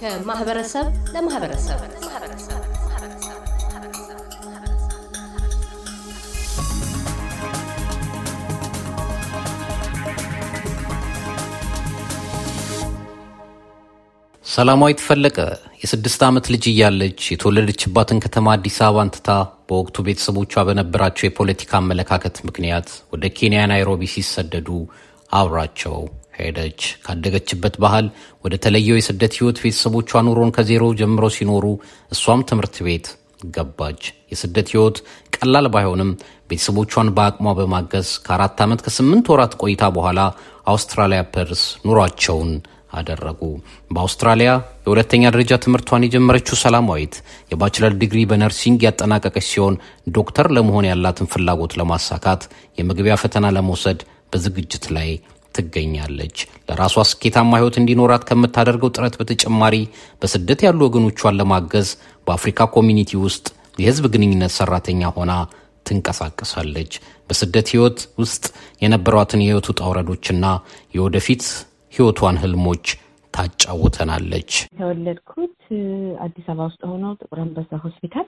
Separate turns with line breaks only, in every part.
ከማህበረሰብ ለማህበረሰብ ሰላማዊት ፈለቀ የስድስት ዓመት ልጅ እያለች የተወለደችባትን ከተማ አዲስ አበባን ትታ በወቅቱ ቤተሰቦቿ በነበራቸው የፖለቲካ አመለካከት ምክንያት ወደ ኬንያ ናይሮቢ ሲሰደዱ አብራቸው ሄደች። ካደገችበት ባህል ወደ ተለየው የስደት ህይወት ቤተሰቦቿ ኑሮን ከዜሮ ጀምሮ ሲኖሩ እሷም ትምህርት ቤት ገባች። የስደት ህይወት ቀላል ባይሆንም ቤተሰቦቿን በአቅሟ በማገዝ ከአራት ዓመት ከስምንት ወራት ቆይታ በኋላ አውስትራሊያ ፐርስ ኑሯቸውን አደረጉ። በአውስትራሊያ የሁለተኛ ደረጃ ትምህርቷን የጀመረችው ሰላማዊት የባችለር ዲግሪ በነርሲንግ ያጠናቀቀች ሲሆን ዶክተር ለመሆን ያላትን ፍላጎት ለማሳካት የመግቢያ ፈተና ለመውሰድ በዝግጅት ላይ ትገኛለች። ለራሷ ስኬታማ ህይወት እንዲኖራት ከምታደርገው ጥረት በተጨማሪ በስደት ያሉ ወገኖቿን ለማገዝ በአፍሪካ ኮሚኒቲ ውስጥ የህዝብ ግንኙነት ሰራተኛ ሆና ትንቀሳቀሳለች። በስደት ህይወት ውስጥ የነበሯትን የሕይወት ውጣ ውረዶችና የወደፊት ህይወቷን ህልሞች ታጫውተናለች።
የተወለድኩት አዲስ አበባ ውስጥ ሆኖ ጥቁር አንበሳ ሆስፒታል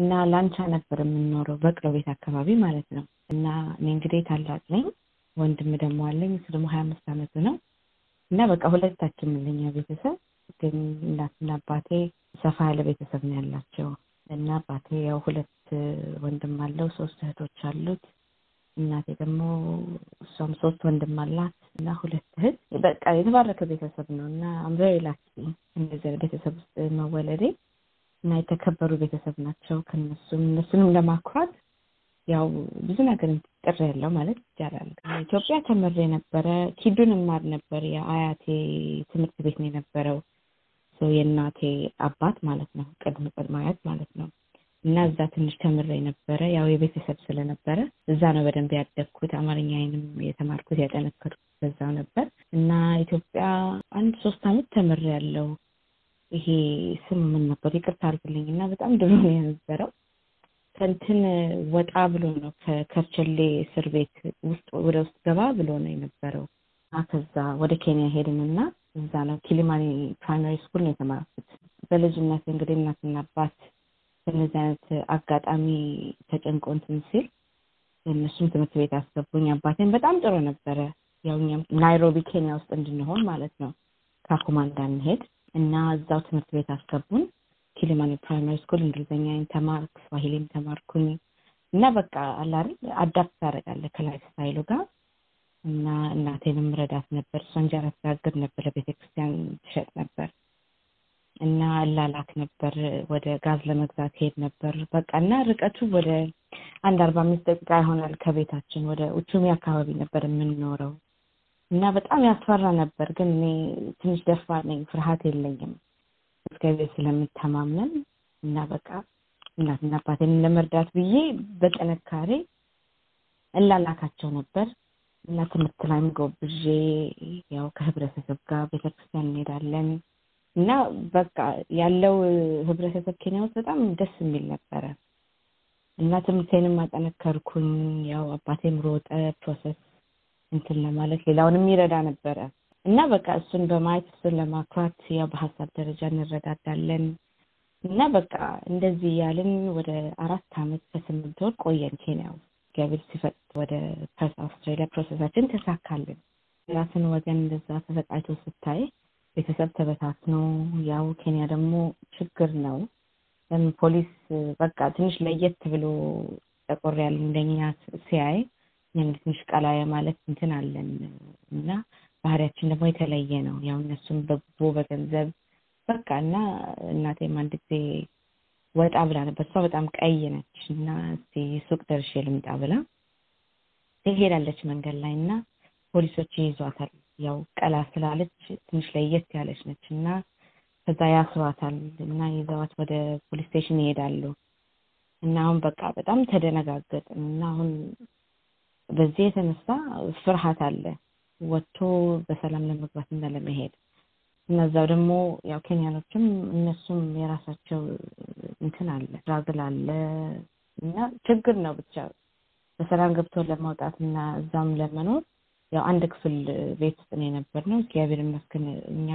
እና ላንቻ ነበር የምንኖረው በቅሎ ቤት አካባቢ ማለት ነው። እና እኔ እንግዲህ ታላቅ ነኝ፣ ወንድም ደግሞ አለኝ። እሱ ደግሞ ሀያ አምስት አመቱ ነው እና በቃ ሁለታችን የምንለኛ ቤተሰብ ግን እናትና አባቴ ሰፋ ያለ ቤተሰብ ነው ያላቸው እና አባቴ ያው ሁለት ወንድም አለው፣ ሶስት እህቶች አሉት። እናቴ ደግሞ እሷም ሶስት ወንድም አላት እና ሁለት እህት። በቃ የተባረከ ቤተሰብ ነው እና አምሬ ላኪ እንደዚህ ቤተሰብ ውስጥ መወለዴ እና የተከበሩ ቤተሰብ ናቸው። ከነሱም እነሱንም ለማኩራት ያው ብዙ ነገር ጥር ያለው ማለት ይቻላል። ኢትዮጵያ ተምር የነበረ ኪዱን እማር ነበር። የአያቴ ትምህርት ቤት ነው የነበረው። የእናቴ አባት ማለት ነው፣ ቅድም ቅድመ አያት ማለት ነው እና እዛ ትንሽ ተምሬ ነበረ። ያው የቤተሰብ ስለነበረ እዛ ነው በደንብ ያደግኩት። አማርኛዬንም የተማርኩት ያጠነከርኩት በዛው ነበር እና ኢትዮጵያ አንድ ሶስት አመት ተምሬ ያለው ይሄ ስም ምን ነበር? ይቅርታ አርግልኝ እና በጣም ድሮ ነው የነበረው። ከንትን ወጣ ብሎ ነው ከከርቸሌ እስር ቤት ውስጥ ወደ ውስጥ ገባ ብሎ ነው የነበረው። ከዛ ወደ ኬንያ ሄድን እና እዛ ነው ኪሊማኒ ፕራይማሪ ስኩል ነው የተማርኩት። በልጅነት እንግዲህ እናትና አባት በእነዚህ አይነት አጋጣሚ ተጨንቆ እንትን ሲል እነሱም ትምህርት ቤት አስገቡኝ። አባቴን በጣም ጥሩ ነበረ። ያው እኛም ናይሮቢ ኬንያ ውስጥ እንድንሆን ማለት ነው ካኩማ እንዳንሄድ እና እዛው ትምህርት ቤት አስገቡን። ኪሊማኒ ፕራይማሪ ስኩል እንግሊዝኛን ተማርክ ስዋሂሊም ተማርኩኝ እና በቃ አላል አዳፕት ታደረጋለ ከላይፍ ስታይሉ ጋር እና እናቴንም ረዳት ነበር። እሷ እንጀራ ትጋግር ነበር፣ ቤተክርስቲያን ትሸጥ ነበር እና እላላክ ነበር። ወደ ጋዝ ለመግዛት ሄድ ነበር በቃ እና ርቀቱ ወደ አንድ አርባ አምስት ደቂቃ ይሆናል ከቤታችን። ወደ ኡቹሚ አካባቢ ነበር የምንኖረው እና በጣም ያስፈራ ነበር። ግን እኔ ትንሽ ደፋ ነኝ፣ ፍርሃት የለኝም እግዚአብሔር ስለምተማመን እና በቃ እናትና አባቴን ለመርዳት ብዬ በጥንካሬ እላላካቸው ነበር እና ትምህርት ላይም ጎብዤ ያው ከህብረተሰብ ጋር ቤተክርስቲያን እንሄዳለን እና በቃ ያለው ህብረተሰብ ኬንያ ውስጥ በጣም ደስ የሚል ነበረ እና ትምህርቴንም አጠነከርኩኝ። ያው አባቴም ሮጠ ፕሮሰስ እንትን ለማለት ሌላውንም ይረዳ ነበረ እና በቃ እሱን በማየት እሱን ለማኩራት ያው በሀሳብ ደረጃ እንረዳዳለን እና በቃ እንደዚህ እያልን ወደ አራት አመት ከስምንት ወር ቆየን ኬንያ ውስጥ። ገብል ሲፈጥ ወደ አውስትራሊያ ፕሮሰሳችን ተሳካልን። ራስን ወገን እንደዛ ተሰቃይቶ ስታይ ቤተሰብ ተበታትኖ ያው ኬንያ ደግሞ ችግር ነው። ፖሊስ በቃ ትንሽ ለየት ብሎ ጠቆር ያሉ እንደኛ ሲያይ እኛም ትንሽ ቀላ ማለት እንትን አለን እና ባህሪያችን ደግሞ የተለየ ነው። ያው እነሱም በቦ በገንዘብ በቃ እና እናቴም አንድ ጊዜ ወጣ ብላ ነበር። እሷ በጣም ቀይ ነች እና ሱቅ ደርሼ ልምጣ ብላ ትሄዳለች መንገድ ላይ እና ፖሊሶች ይይዟታል። ያው ቀላ ስላለች ትንሽ ለየት ያለች ነች እና ከዛ ያስሯታል እና ይዘዋት ወደ ፖሊስ ስቴሽን ይሄዳሉ እና አሁን በቃ በጣም ተደነጋገጥን እና አሁን በዚህ የተነሳ ፍርሃት አለ ወጥቶ በሰላም ለመግባት እና ለመሄድ እነዛው ደግሞ ያው ኬንያኖችም እነሱም የራሳቸው እንትን አለ ራግል አለ እና ችግር ነው ብቻ በሰላም ገብቶ ለማውጣት እና እዛም ለመኖር ያው አንድ ክፍል ቤት ውስጥ ነው የነበር ነው። እግዚአብሔር ይመስገን እኛ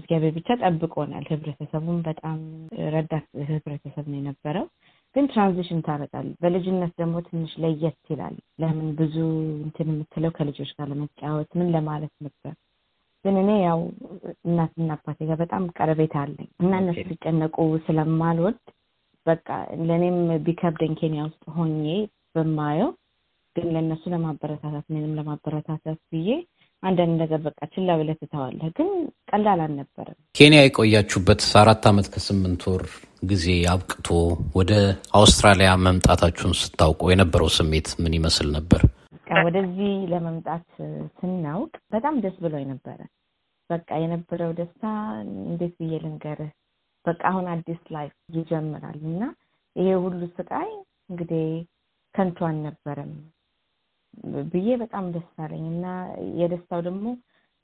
እግዚአብሔር ብቻ ጠብቆናል። ህብረተሰቡም በጣም ረዳት ህብረተሰብ ነው የነበረው። ግን ትራንዚሽን ታረጣል። በልጅነት ደግሞ ትንሽ ለየት ይላል። ለምን ብዙ እንትን የምትለው ከልጆች ጋር ለመጫወት ምን ለማለት ነበር። ግን እኔ ያው እናትና አባቴ ጋር በጣም ቀረቤታ አለኝ እና እነሱ ሲጨነቁ ስለማልወድ በቃ ለእኔም ቢከብደኝ ኬንያ ውስጥ ሆኜ በማየው ግን ለእነሱ ለማበረታታት ምንም ለማበረታታት ብዬ አንዳንድ ነገር በቃ ችላ ብለህ ትተዋለህ። ግን ቀላል አልነበረም።
ኬንያ የቆያችሁበት አራት ዓመት ከስምንት ወር ጊዜ አብቅቶ ወደ አውስትራሊያ መምጣታችሁን ስታውቁ የነበረው ስሜት ምን ይመስል ነበር?
ወደዚህ ለመምጣት ስናውቅ በጣም ደስ ብሎ ነበረ። በቃ የነበረው ደስታ እንዴት ብዬ ልንገርህ፣ በቃ አሁን አዲስ ላይፍ ይጀምራል እና ይሄ ሁሉ ስቃይ እንግዲህ ከንቱ አልነበረም። ብዬ በጣም ደስ አለኝ እና የደስታው ደግሞ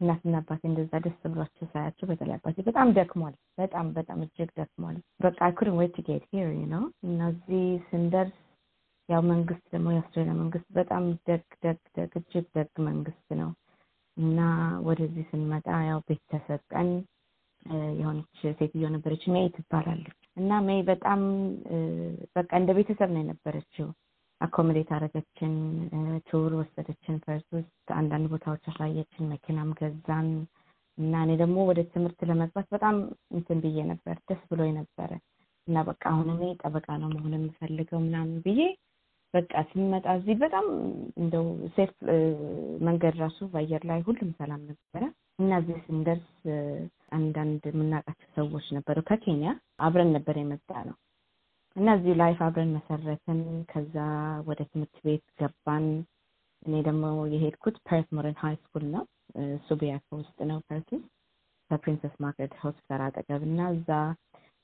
እናትና አባቴ እንደዛ ደስ ብሏቸው ሳያቸው፣ በተለይ አባቴ በጣም ደክሟል። በጣም በጣም እጅግ ደክሟል። በቃ አይኩድን ወይት ጌት ሄር ነው እና እዚህ ስንደርስ ያው መንግስት ደግሞ የአውስትራሊያ መንግስት በጣም ደግ ደግ ደግ እጅግ ደግ መንግስት ነው እና ወደዚህ ስንመጣ ያው ቤት ተሰጠን። የሆነች ሴትዮ ነበረች ሜይ ትባላለች እና ሜይ በጣም በቃ እንደ ቤተሰብ ነው የነበረችው አኮሞዴት አደረገችን። ቱር ወሰደችን። ፈርስ ውስጥ አንዳንድ ቦታዎች አሳየችን። መኪናም ገዛን እና እኔ ደግሞ ወደ ትምህርት ለመግባት በጣም እንትን ብዬ ነበር፣ ደስ ብሎ ነበረ እና በቃ አሁን እኔ ጠበቃ ነው መሆን የምፈልገው ምናምን ብዬ በቃ ስንመጣ እዚህ በጣም እንደው ሴፍ መንገድ ራሱ በአየር ላይ ሁሉም ሰላም ነበረ እና እዚህ ስንደርስ አንዳንድ የምናውቃቸው ሰዎች ነበሩ ከኬንያ አብረን ነበር የመጣ ነው እነዚህ ላይፍ አብረን መሰረትን። ከዛ ወደ ትምህርት ቤት ገባን። እኔ ደግሞ የሄድኩት ፐርት ሞረን ሀይ ስኩል ነው። እሱ ቢያኮ ውስጥ ነው ፐርቲ ከፕሪንሰስ ማርገሬት ሆስፒታል አጠገብ እና እዛ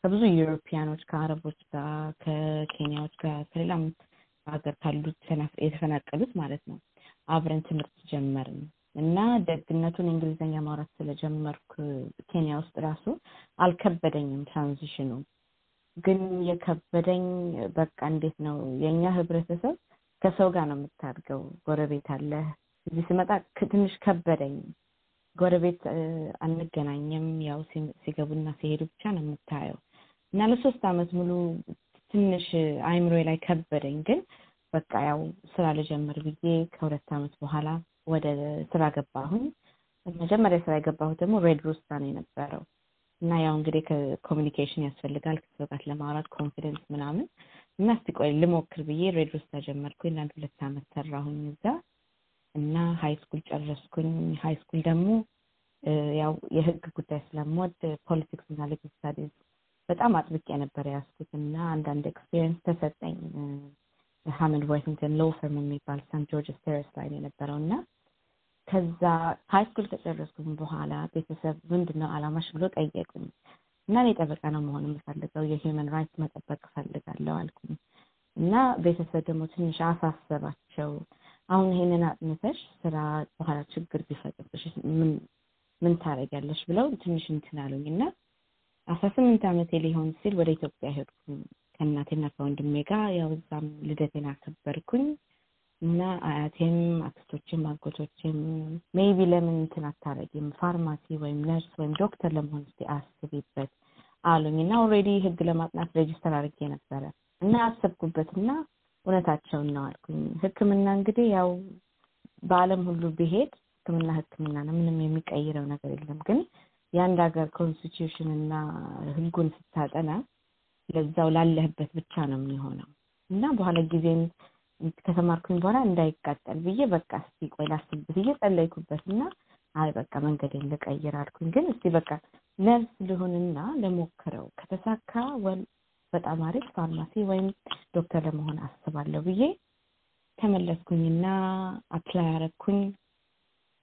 ከብዙ ዩሮፒያኖች ከአረቦች ጋር ከኬንያዎች ጋር ከሌላም ሀገር ካሉት የተፈናቀሉት ማለት ነው አብረን ትምህርት ጀመርን እና ደግነቱን እንግሊዝኛ ማውራት ስለጀመርኩ ኬንያ ውስጥ ራሱ አልከበደኝም ትራንዚሽኑ ግን የከበደኝ በቃ እንዴት ነው የእኛ ህብረተሰብ ከሰው ጋር ነው የምታድገው። ጎረቤት አለ። እዚህ ስመጣ ትንሽ ከበደኝ። ጎረቤት አንገናኝም። ያው ሲገቡና ሲሄዱ ብቻ ነው የምታየው እና ለሶስት አመት ሙሉ ትንሽ አይምሮ ላይ ከበደኝ። ግን በቃ ያው ስራ ልጀምር ብዬ ከሁለት አመት በኋላ ወደ ስራ ገባሁኝ። መጀመሪያ ስራ የገባሁት ደግሞ ሬድ ሩስታ ነው የነበረው እና ያው እንግዲህ ከኮሚኒኬሽን ያስፈልጋል ከሰው ለማውራት ኮንፊደንስ ምናምን እና እስቲ ቆይ ልሞክር ብዬ ሬድ ውስጥ ተጀመርኩ ለአንድ ሁለት አመት ሰራሁኝ እዛ እና ሀይ ስኩል ጨረስኩኝ። ሀይ ስኩል ደግሞ ያው የህግ ጉዳይ ስለምወድ ፖለቲክስ እና ሌጋል ስታዲዝ በጣም አጥብቄ ነበር ያስኩት እና አንዳንድ ኤክስፔሪንስ ተሰጠኝ። ሀመድ ዋሽንግተን ሎው ፈርም የሚባል ሳንት ጆርጅ ስተርስ ላይ የነበረው እና ከዛ ሀይ ስኩል ከጨረስኩኝ በኋላ ቤተሰብ ምንድነው አላማሽ ብሎ ጠየቁኝ እና እኔ ጠበቃ ነው መሆን የምፈልገው የሂውመን ራይት መጠበቅ እፈልጋለሁ አልኩኝ እና ቤተሰብ ደግሞ ትንሽ አሳሰባቸው አሁን ይሄንን አጥንተሽ ስራ በኋላ ችግር ቢፈጥርብሽ ምን ምን ታደርጊያለሽ ብለው ትንሽ እንትን አሉኝ እና አስራ ስምንት ዓመቴ ሊሆን ሲል ወደ ኢትዮጵያ ሄድኩኝ ከእናቴና ከወንድሜ ጋር ያው እዛም ልደቴን አከበርኩኝ እና አያቴም አክስቶችም አጎቶችም ሜይቢ ለምን እንትን አታረጊም ፋርማሲ ወይም ነርስ ወይም ዶክተር ለመሆን ስ አስቢበት አሉኝ እና ኦሬዲ ህግ ለማጥናት ሬጅስተር አድርጌ ነበረ እና አሰብኩበትና እውነታቸውን ነው አልኩኝ። ህክምና እንግዲህ ያው በአለም ሁሉ ብሄድ ህክምና ህክምና ነው፣ ምንም የሚቀይረው ነገር የለም። ግን የአንድ ሀገር ኮንስቲቱሽን እና ህጉን ስታጠና ለዛው ላለህበት ብቻ ነው የሚሆነው እና በኋላ ጊዜን ከተማርኩኝ በኋላ እንዳይቃጠል ብዬ በቃ እስቲ ቆይ ላስብበት ብዬ ጸለይኩበት እና አይ በቃ መንገዴን ልቀይር አልኩኝ። ግን እስቲ በቃ ነርስ ልሆንና ለሞክረው ከተሳካ ወል በጣም አሪፍ ፋርማሲ ወይም ዶክተር ለመሆን አስባለሁ ብዬ ተመለስኩኝና አፕላይ አረግኩኝ።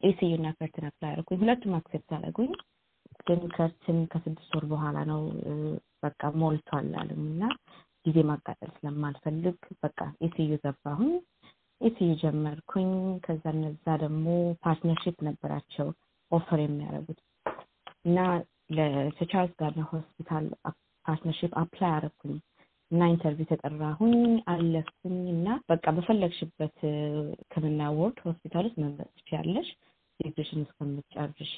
ኢሲዩና ከርትን አፕላይ አረግኩኝ። ሁለቱም አክሴፕት አረጉኝ። ግን ከርትን ከስድስት ወር በኋላ ነው በቃ ሞልቷል አሉኝ እና ጊዜ ማቃጠል ስለማልፈልግ በቃ ኢሲዩ ገባሁኝ። ኢሲዩ ጀመርኩኝ። ከዛ እነዛ ደግሞ ፓርትነርሽፕ ነበራቸው ኦፈር የሚያደርጉት እና ለቻርልስ ጋር ሆስፒታል ፓርትነርሽፕ አፕላይ አረኩኝ እና ኢንተርቪው ተጠራሁኝ አለፍኩኝ። እና በቃ በፈለግሽበት ሕክምና ወርድ ሆስፒታል ውስጥ መምረጥ ያለሽ ዲግሪሽን እስከምትጨርሺ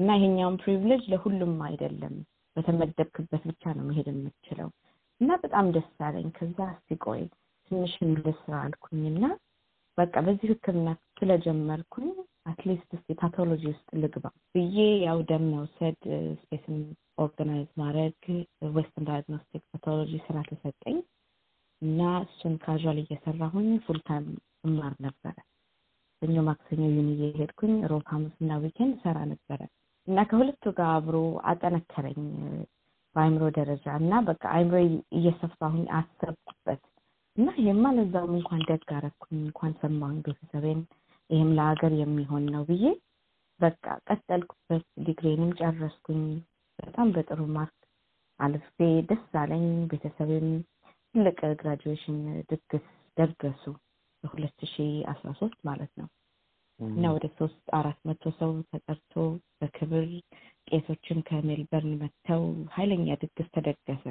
እና ይሄኛውን ፕሪቪሌጅ ለሁሉም አይደለም፣ በተመደብክበት ብቻ ነው መሄድ የምችለው እና በጣም ደስ አለኝ። ከዛ ሲቆይ ትንሽ ልስራ አልኩኝ እና በቃ በዚህ ሕክምና ስለጀመርኩኝ አትሊስት ስ ፓቶሎጂ ውስጥ ልግባ ብዬ ያው ደም መውሰድ፣ ስፔስን ኦርጋናይዝ ማድረግ ዌስትን ዳያግኖስቲክ ፓቶሎጂ ስራ ተሰጠኝ እና እሱን ካዥዋል እየሰራሁኝ ፉልታይም እማር ነበረ። ሰኞ፣ ማክሰኞ ዩኒ የሄድኩኝ ሮብ፣ ሐሙስ እና ዊኬንድ ሰራ ነበረ እና ከሁለቱ ጋር አብሮ አጠነከረኝ በአይምሮ ደረጃ እና በቃ አይምሮ እየሰፋሁኝ አሰብኩበት እና ይሄማ ለዛውም እንኳን ደግ አረኩኝ እንኳን ሰማሁኝ ቤተሰቤን ይህም ለሀገር የሚሆን ነው ብዬ በቃ ቀጠልኩበት። ዲግሬንም ጨረስኩኝ በጣም በጥሩ ማርክ አልፌ ደስ አለኝ። ቤተሰቤም ትልቅ ግራጁዌሽን ድግስ ደርገሱ በሁለት ሺ አስራ ሶስት ማለት ነው። እና ወደ ሶስት አራት መቶ ሰው ተጠርቶ በክብር ቄሶችም ከሜልበርን መጥተው ኃይለኛ ድግስ ተደገሰ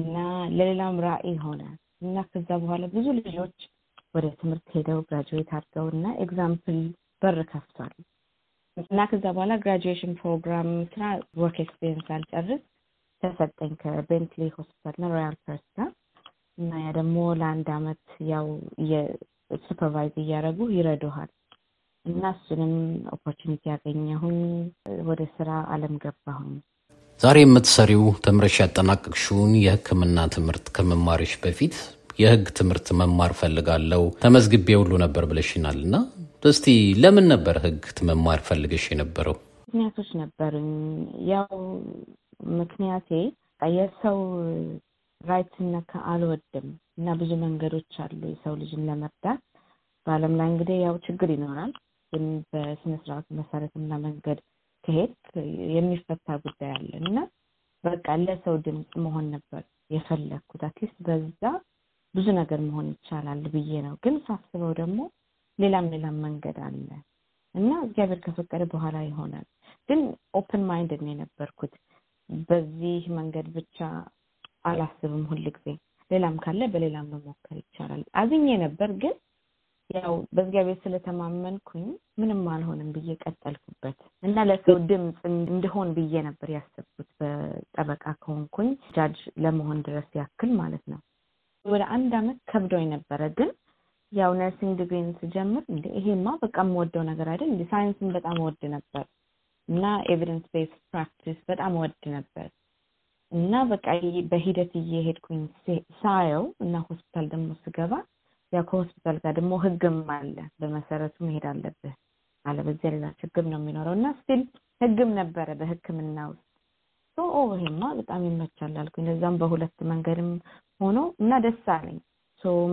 እና ለሌላም ራእይ ሆነ እና ከዛ በኋላ ብዙ ልጆች ወደ ትምህርት ሄደው ግራጁዌት አድርገው እና ኤግዛምፕል በር ከፍቷል እና ከዛ በኋላ ግራጁዌሽን ፕሮግራም ስራ ወርክ ኤክስፔሪንስ አልጨርስ ተሰጠኝ ከቤንትሊ ሆስፒታል ና ሮያል ፐርስ ጋር እና ያ ደግሞ ለአንድ አመት ያው ሱፐርቫይዝ እያደረጉ ይረዱሃል እና እሱንም ኦፖርቹኒቲ ያገኘሁኝ ወደ ስራ አለም ገባሁኝ።
ዛሬ የምትሰሪው ተምረሽ ያጠናቀቅሽውን የሕክምና ትምህርት ከመማሪሽ በፊት የህግ ትምህርት መማር ፈልጋለው ተመዝግቤ ሁሉ ነበር ብለሽናል። እና እስቲ ለምን ነበር ህግ መማር ፈልገሽ የነበረው?
ምክንያቶች ነበሩኝ። ያው ምክንያቴ የሰው ራይት ሲነካ አልወድም እና ብዙ መንገዶች አሉ የሰው ልጅን ለመርዳት። በአለም ላይ እንግዲህ ያው ችግር ይኖራል። እሱን በስነስርዓቱ መሰረትና መንገድ ከሄድ የሚፈታ ጉዳይ አለ እና በቃ ለሰው ድምፅ መሆን ነበር የፈለግኩት። አትሊስት በዛ ብዙ ነገር መሆን ይቻላል ብዬ ነው። ግን ሳስበው ደግሞ ሌላም ሌላም መንገድ አለ እና እግዚአብሔር ከፈቀደ በኋላ ይሆናል። ግን ኦፕን ማይንድ ነው የነበርኩት። በዚህ መንገድ ብቻ አላስብም ጊዜ ሌላም ካለ በሌላም መሞከር ይቻላል። አዝኜ ነበር ግን ያው በእግዚአብሔር ስለተማመንኩኝ ምንም አልሆንም ብዬ ቀጠልኩበት እና ለሰው ድምፅ እንደሆን ብዬ ነበር ያሰብኩት። በጠበቃ ከሆንኩኝ ጃጅ ለመሆን ድረስ ያክል ማለት ነው። ወደ አንድ አመት ከብዶኝ ነበረ። ግን ያው ነርሲንግ ዲግሪን ስጀምር እንደ ይሄማ በቃ የምወደው ነገር አይደል እንደ ሳይንስን በጣም ወድ ነበር እና ኤቪደንስ ቤስ ፕራክቲስ በጣም ወድ ነበር እና በቃ በሂደት እየሄድኩኝ ሳየው እና ሆስፒታል ደግሞ ስገባ ያ ከሆስፒታል ጋር ደግሞ ህግም አለ በመሰረቱ መሄድ አለብህ አለበዚያ ሌላ ችግር ነው የሚኖረው እና ስቲል ህግም ነበረ በህክምና ውስጥ ኦ ይሄማ በጣም ይመቻል አልኩኝ ለዛም በሁለት መንገድም ሆኖ እና ደስ አለኝ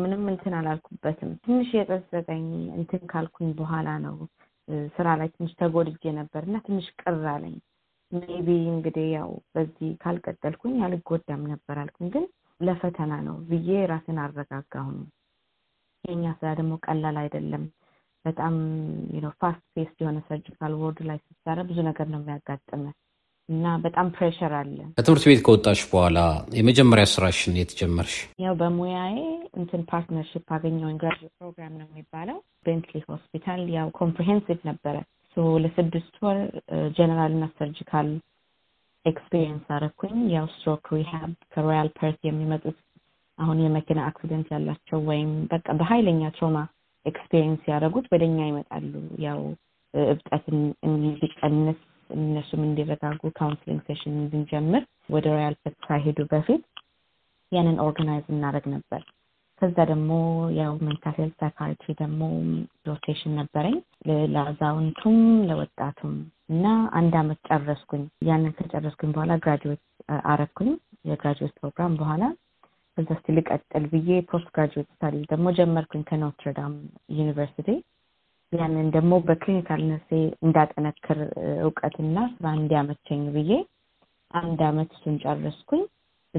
ምንም እንትን አላልኩበትም ትንሽ የጸጸቀኝ እንትን ካልኩኝ በኋላ ነው ስራ ላይ ትንሽ ተጎድጄ ነበር እና ትንሽ ቅር አለኝ ሜቢ እንግዲህ ያው በዚህ ካልቀጠልኩኝ አልጎዳም ነበር አልኩኝ ግን ለፈተና ነው ብዬ ራሴን አረጋጋሁ የእኛ ስራ ደግሞ ቀላል አይደለም። በጣም ፋስት ፔስት የሆነ ሰርጂካል ወርድ ላይ ሲሰራ ብዙ ነገር ነው የሚያጋጥመ እና በጣም ፕሬሽር አለ።
ከትምህርት ቤት ከወጣሽ በኋላ የመጀመሪያ ስራሽን የተጀመርሽ?
ያው በሙያዬ እንትን ፓርትነርሽፕ አገኘውን ግራጁዌት ፕሮግራም ነው የሚባለው ቤንትሊ ሆስፒታል። ያው ኮምፕሪሄንሲቭ ነበረ። ለስድስት ወር ጀነራል ና ሰርጂካል ኤክስፔሪንስ አረኩኝ። ያው ስትሮክ ሪሃብ ከሮያል ፐርት የሚመጡት አሁን የመኪና አክሲደንት ያላቸው ወይም በቃ በሀይለኛ ትሮማ ኤክስፔሪንስ ያደረጉት ወደኛ ይመጣሉ። ያው እብጠትን እንዲቀንስ እነሱም እንዲረጋጉ ካውንስሊንግ ሴሽን እንድንጀምር ወደ ሮያል ፈት ሳይሄዱ በፊት ያንን ኦርጋናይዝ እናደረግ ነበር። ከዛ ደግሞ ያው መንካፌል ሄልት ደግሞ ሮቴሽን ነበረኝ ለአዛውንቱም ለወጣቱም እና አንድ አመት ጨረስኩኝ። ያንን ከጨረስኩኝ በኋላ ግራጅዌት አረኩኝ። የግራጅዌት ፕሮግራም በኋላ በዛ ስቲ ልቀጥል ብዬ ፖስት ግራጅዌት ስታዲ ደግሞ ጀመርኩኝ ከኖትርዳም ዩኒቨርሲቲ። ያንን ደግሞ በክሊኒካል ነርሴ እንዳጠነክር እውቀትና ስራ እንዲያመቸኝ ብዬ አንድ አመት እሱን ጨረስኩኝ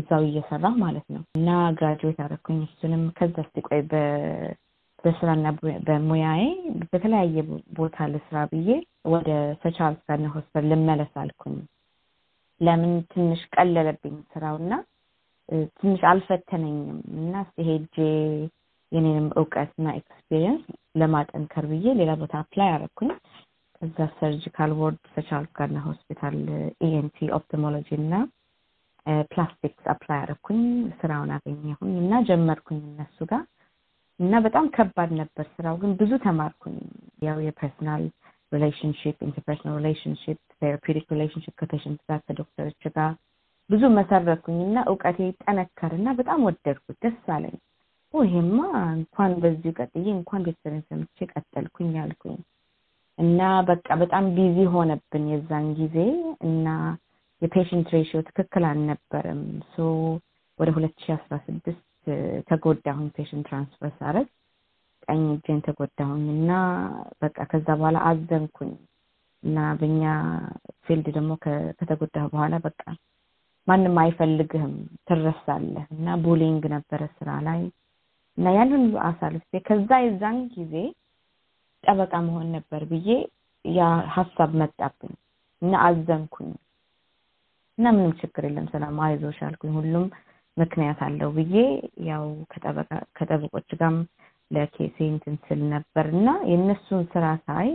እዛው እየሰራ ማለት ነው እና ግራጅዌት አደረኩኝ እሱንም። ከዛ ስቲ ቆይ በስራና በሙያዬ በተለያየ ቦታ ልስራ ብዬ ወደ ሰቻል ስራና ሆስፒታል ልመለስ አልኩኝ። ለምን ትንሽ ቀለለብኝ ስራውና ትንሽ አልፈተነኝም እና ስሄጄ የኔንም እውቀትና ኤክስፒሪየንስ ለማጠንከር ብዬ ሌላ ቦታ አፕላይ አረኩኝ። ከዛ ሰርጂካል ቦርድ ተቻልኩ ጋርና ሆስፒታል ኢኤንቲ ኦፕቶሞሎጂ እና ፕላስቲክስ አፕላይ አረኩኝ። ስራውን አገኘሁኝ እና ጀመርኩኝ እነሱ ጋር እና በጣም ከባድ ነበር ስራው፣ ግን ብዙ ተማርኩኝ። ያው የፐርሶናል ሪሌሽንሽፕ ኢንተርፐርሰናል ሪሌሽንሽፕ ቴራፒውቲክ ሪሌሽንሽፕ ከፔሽንት ጋር ከዶክተሮች ጋር ብዙ መሰረትኩኝና እውቀቴ ጠነከርና በጣም ወደድኩት። ደስ አለኝ። ይሄማ እንኳን በዚሁ ቀጥዬ እንኳን ቤተሰብን ሰምቼ ቀጠልኩኝ አልኩኝ እና በቃ በጣም ቢዚ ሆነብን የዛን ጊዜ እና የፔሽንት ሬሽዮ ትክክል አልነበረም። ሶ ወደ ሁለት ሺ አስራ ስድስት ተጎዳሁኝ። ፔሽንት ትራንስፈር ሳረግ ቀኝ እጄን ተጎዳሁኝ እና በቃ ከዛ በኋላ አዘንኩኝ እና በኛ ፊልድ ደግሞ ከተጎዳሁ በኋላ በቃ ማንም አይፈልግህም፣ ትረሳለህ እና ቡሊንግ ነበረ ስራ ላይ እና ያንን አሳልፌ ከዛ የዛን ጊዜ ጠበቃ መሆን ነበር ብዬ ያ ሀሳብ መጣብኝ እና አዘንኩኝ እና ምንም ችግር የለም ሰላም አይዞሽ አልኩኝ። ሁሉም ምክንያት አለው ብዬ ያው ከጠበቆች ጋርም ለኬሴ እንትን ስል ነበር እና የእነሱን ስራ ሳይ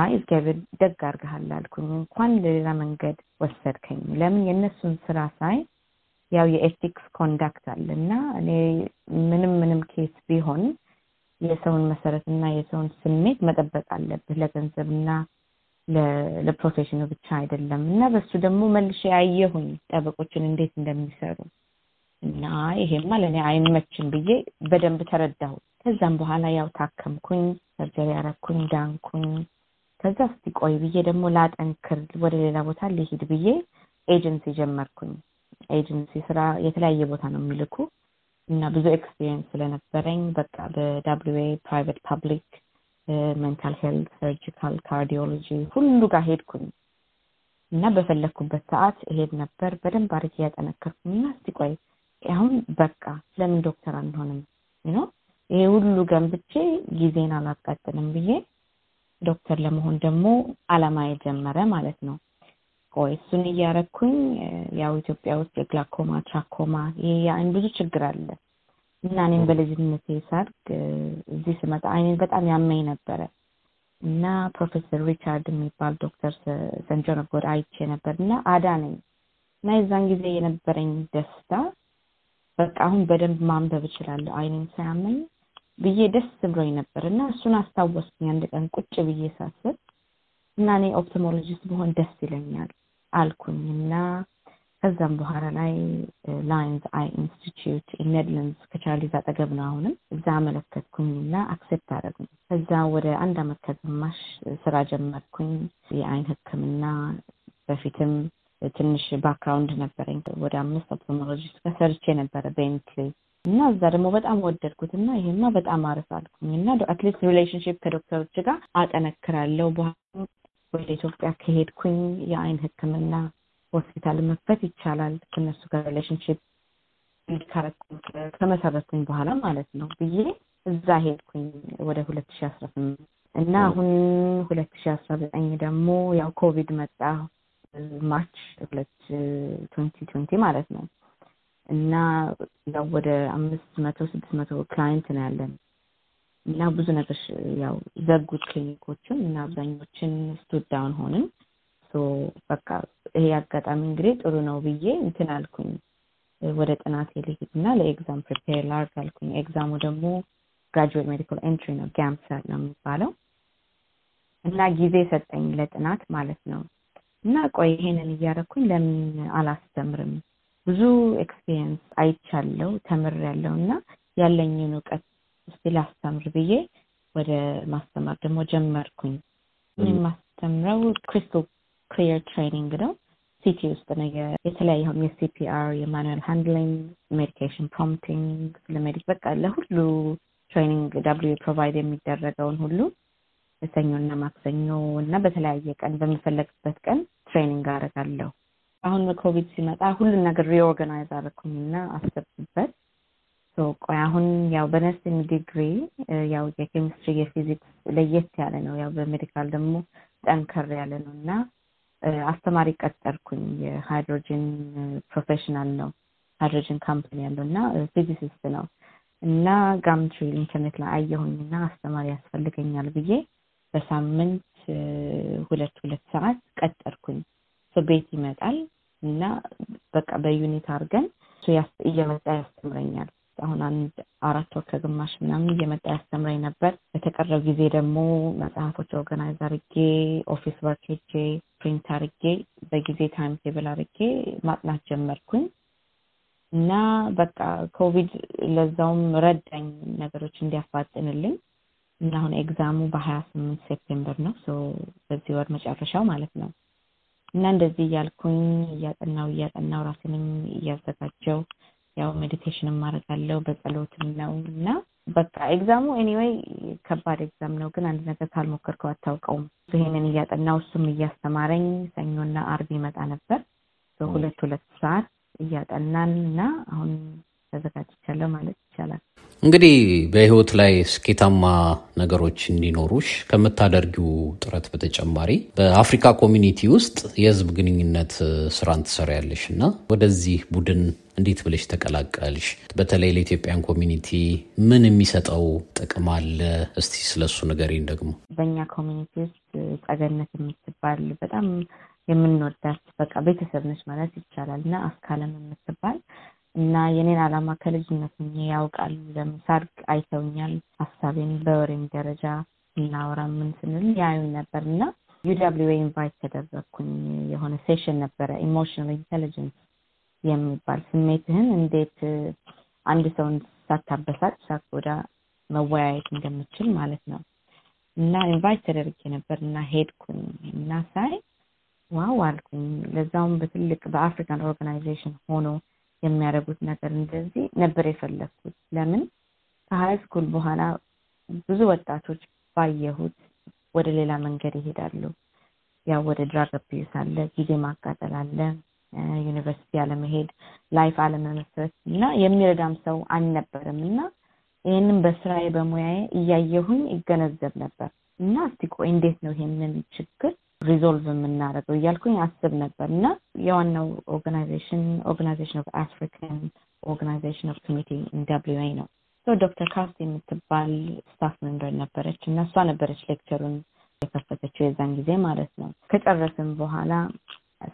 አይ እግዚአብሔር ደግ አርገሃል አልኩኝ። እንኳን ለሌላ መንገድ ወሰድከኝ። ለምን የእነሱን ስራ ሳይ ያው የኤቲክስ ኮንዳክት አለ እና እኔ ምንም ምንም ኬስ ቢሆን የሰውን መሰረትና የሰውን ስሜት መጠበቅ አለብህ ለገንዘብና ለፕሮፌሽኑ ብቻ አይደለም እና በሱ ደግሞ መልሼ ያየሁኝ ጠበቆችን እንዴት እንደሚሰሩ እና ይሄማ ለእኔ አይመችም ብዬ በደንብ ተረዳሁ። ከዛም በኋላ ያው ታከምኩኝ፣ ሰርጀሪ ያረኩኝ፣ ዳንኩኝ። ከዛ እስቲ ቆይ ብዬ ደግሞ ላጠንክር ወደ ሌላ ቦታ ሊሄድ ብዬ ኤጀንሲ ጀመርኩኝ። ኤጀንሲ ስራ የተለያየ ቦታ ነው የሚልኩ እና ብዙ ኤክስፒሪየንስ ስለነበረኝ በቃ በዳብሊው ፕራይቬት ፐብሊክ ሜንታል ሄልት፣ ሰርጂካል፣ ካርዲዮሎጂ ሁሉ ጋር ሄድኩኝ እና በፈለግኩበት ሰዓት እሄድ ነበር። በደንብ አርጌ እያጠነከርኩኝ እና እስቲ ቆይ አሁን በቃ ስለምን ዶክተር አንሆንም ነው ይሄ ሁሉ ገንብቼ ጊዜን አላቃጥልም ብዬ ዶክተር ለመሆን ደግሞ አላማ የጀመረ ማለት ነው። ቆይ እሱን እያረኩኝ ያው ኢትዮጵያ ውስጥ የግላኮማ ትራኮማ፣ ይሄ የአይን ብዙ ችግር አለ እና እኔም በልጅነት ሳድግ እዚህ ስመጣ አይኔን በጣም ያመኝ ነበረ እና ፕሮፌሰር ሪቻርድ የሚባል ዶክተር ሰንጆን ጎድ አይቼ ነበር እና አዳነኝ እና የዛን ጊዜ የነበረኝ ደስታ በቃ አሁን በደንብ ማንበብ እችላለሁ አይኔም ሳያመኝ ብዬ ደስ ብሎኝ ነበር እና እሱን አስታወስኩኝ። አንድ ቀን ቁጭ ብዬ ሳስብ እና እኔ ኦፕቶሞሎጂስት መሆን ደስ ይለኛል አልኩኝ እና ከዛም በኋላ ላይ ላይንስ አይ ኢንስቲትዩት ኔድላንድስ ከቻርሊዝ አጠገብ ነው አሁንም። እዛ አመለከትኩኝ እና አክሴፕት አደረጉኝ። ከዛ ወደ አንድ አመት ከግማሽ ስራ ጀመርኩኝ የአይን ህክምና በፊትም ትንሽ ባክግራውንድ ነበረኝ። ወደ አምስት ኦፕቶሞሎጂስት ከሰርቼ ነበረ ቤንትሊ እና እዛ ደግሞ በጣም ወደድኩት እና ይሄማ በጣም አሪፍ አልኩኝ እና አትሊስት ሪሌሽንሽፕ ከዶክተሮች ጋር አጠነክራለሁ። በኋላ ወደ ኢትዮጵያ ከሄድኩኝ የአይን ሕክምና ሆስፒታል መክፈት ይቻላል ከነሱ ጋር ሪሌሽንሽፕ ከመሰረትኩኝ በኋላ ማለት ነው ብዬ እዛ ሄድኩኝ ወደ ሁለት ሺ አስራ ስምንት እና አሁን ሁለት ሺ አስራ ዘጠኝ ደግሞ ያው ኮቪድ መጣ ማርች ሁለት ትንቲ ትንቲ ማለት ነው እና ያው ወደ አምስት መቶ ስድስት መቶ ክላይንት ነው ያለን እና ብዙ ነገር ያው ዘጉት ክሊኒኮችን እና አብዛኞችን ስቱድ ዳውን ሆንን። በቃ ይሄ አጋጣሚ እንግዲህ ጥሩ ነው ብዬ እንትን አልኩኝ ወደ ጥናት የልሂድ እና ለኤግዛም ፕሪፔር ላርግ አልኩኝ። ኤግዛሙ ደግሞ ግራጁዌት ሜዲካል ኤንትሪ ነው ጋምሰር ነው የሚባለው እና ጊዜ ሰጠኝ ለጥናት ማለት ነው እና ቆይ ይሄንን እያረኩኝ ለምን አላስተምርም ብዙ ኤክስፒሪየንስ አይቻለው ተምር ያለው እና ያለኝን እውቀት እስቲ ላስተምር ብዬ ወደ ማስተማር ደግሞ ጀመርኩኝ። የማስተምረው ክሪስታል ክሊር ትሬኒንግ ነው። ሲቲ ውስጥ ነው። የተለያየ የሲፒአር የማኑዋል ሃንድሊንግ፣ ሜዲኬሽን ፕሮምፕቲንግ፣ ለሜዲክ በቃ ለሁሉ ትሬኒንግ ዳብሊዩ ፕሮቫይድ የሚደረገውን ሁሉ እና ማክሰኞ እና በተለያየ ቀን በምፈለግበት ቀን ትሬኒንግ አደርጋለሁ። አሁን በኮቪድ ሲመጣ ሁሉን ነገር ሪኦርጋናይዝ አደረኩኝና አሰብኩበት። ቆይ አሁን ያው በነርሲንግ ዲግሪ ያው የኬሚስትሪ የፊዚክስ ለየት ያለ ነው። ያው በሜዲካል ደግሞ ጠንከር ያለ ነው እና አስተማሪ ቀጠርኩኝ። የሃይድሮጂን ፕሮፌሽናል ነው ሃይድሮጂን ካምፓኒ ያለው እና ፊዚሲስት ነው እና ጋምትሪ ኢንተርኔት ላይ አየሁኝ እና አስተማሪ ያስፈልገኛል ብዬ በሳምንት ሁለት ሁለት ሰዓት ቀጠርኩኝ። ቤት ይመጣል እና በቃ በዩኒት አድርገን እየመጣ ያስተምረኛል። አሁን አንድ አራት ወር ከግማሽ ምናምን እየመጣ ያስተምረኝ ነበር። በተቀረብ ጊዜ ደግሞ መጽሐፎች ኦርጋናይዝ አርጌ ኦፊስ ወርክ ሄጄ ፕሪንት አርጌ በጊዜ ታይም ቴብል አርጌ ማጥናት ጀመርኩኝ እና በቃ ኮቪድ ለዛውም ረዳኝ ነገሮች እንዲያፋጥንልኝ እና አሁን ኤግዛሙ በሀያ ስምንት ሴፕቴምበር ነው በዚህ ወር መጨረሻው ማለት ነው። እና እንደዚህ እያልኩኝ እያጠናው እያጠናው ራሴንም እያዘጋጀው ያው ሜዲቴሽን ማረጋለው በጸሎትም ነው እና በቃ ኤግዛሙ ኤኒዌይ ከባድ ኤግዛም ነው፣ ግን አንድ ነገር ካልሞከርከው አታውቀውም። ይሄንን እያጠናው እሱም እያስተማረኝ ሰኞና አርብ ይመጣ ነበር በሁለት ሁለት ሰዓት እያጠናን እና አሁን ተዘጋጅቻለሁ ማለት ነው። ይቻላል።
እንግዲህ በህይወት ላይ ስኬታማ ነገሮች እንዲኖሩሽ ከምታደርጊው ጥረት በተጨማሪ በአፍሪካ ኮሚኒቲ ውስጥ የህዝብ ግንኙነት ስራን ትሰሪያለሽ እና ወደዚህ ቡድን እንዴት ብለሽ ተቀላቀልሽ? በተለይ ለኢትዮጵያን ኮሚኒቲ ምን የሚሰጠው ጥቅም አለ? እስቲ ስለሱ ንገሪኝ። ደግሞ
በእኛ ኮሚኒቲ ውስጥ ጸገነት የምትባል በጣም የምንወዳት በቃ ቤተሰብ ነች ማለት ይቻላል እና አስካለም የምትባል እና የኔን ዓላማ ከልጅነት ያውቃል። ለምን አይተውኛል። ሀሳቤን በወሬም ደረጃ እናወራ ምን ስንል ያዩን ነበር እና ዩዳብሊው ኢንቫይት ተደረግኩኝ። የሆነ ሴሽን ነበረ ኢሞሽናል ኢንቴሊጀንስ የሚባል ስሜትህን እንዴት አንድ ሰውን ሳታበሳጭ ሳትጎዳ መወያየት እንደምችል ማለት ነው። እና ኢንቫይት ተደርጌ ነበር እና ሄድኩኝ እና ሳይ ዋው አልኩኝ። ለዛውም በትልቅ በአፍሪካን ኦርጋናይዜሽን ሆኖ የሚያደርጉት ነገር እንደዚህ ነበር የፈለግኩት። ለምን ከሀይ ስኩል በኋላ ብዙ ወጣቶች ባየሁት ወደ ሌላ መንገድ ይሄዳሉ። ያው ወደ ድራግ አቢዩስ አለ፣ ጊዜ ማቃጠል አለ፣ ዩኒቨርሲቲ አለመሄድ፣ ላይፍ አለመመስረት እና የሚረዳም ሰው አልነበርም እና ይህንን በስራዬ በሙያዬ እያየሁኝ ይገነዘብ ነበር እና እስቲ ቆይ እንዴት ነው ይሄንን ችግር ሪዞልቭ የምናደርገው እያልኩኝ አስብ ነበር እና የዋናው ኦርጋናይዜሽን ኦርጋናይዜሽን ኦፍ አፍሪካን ኦርጋናይዜሽን ኦፍ ኮሚቴ ኢንደብሊው አይ ነው። ዶክተር ካርት የምትባል ስታፍ መንበር ነበረች እና እሷ ነበረች ሌክቸሩን የከፈተችው የዛን ጊዜ ማለት ነው። ከጨረስም በኋላ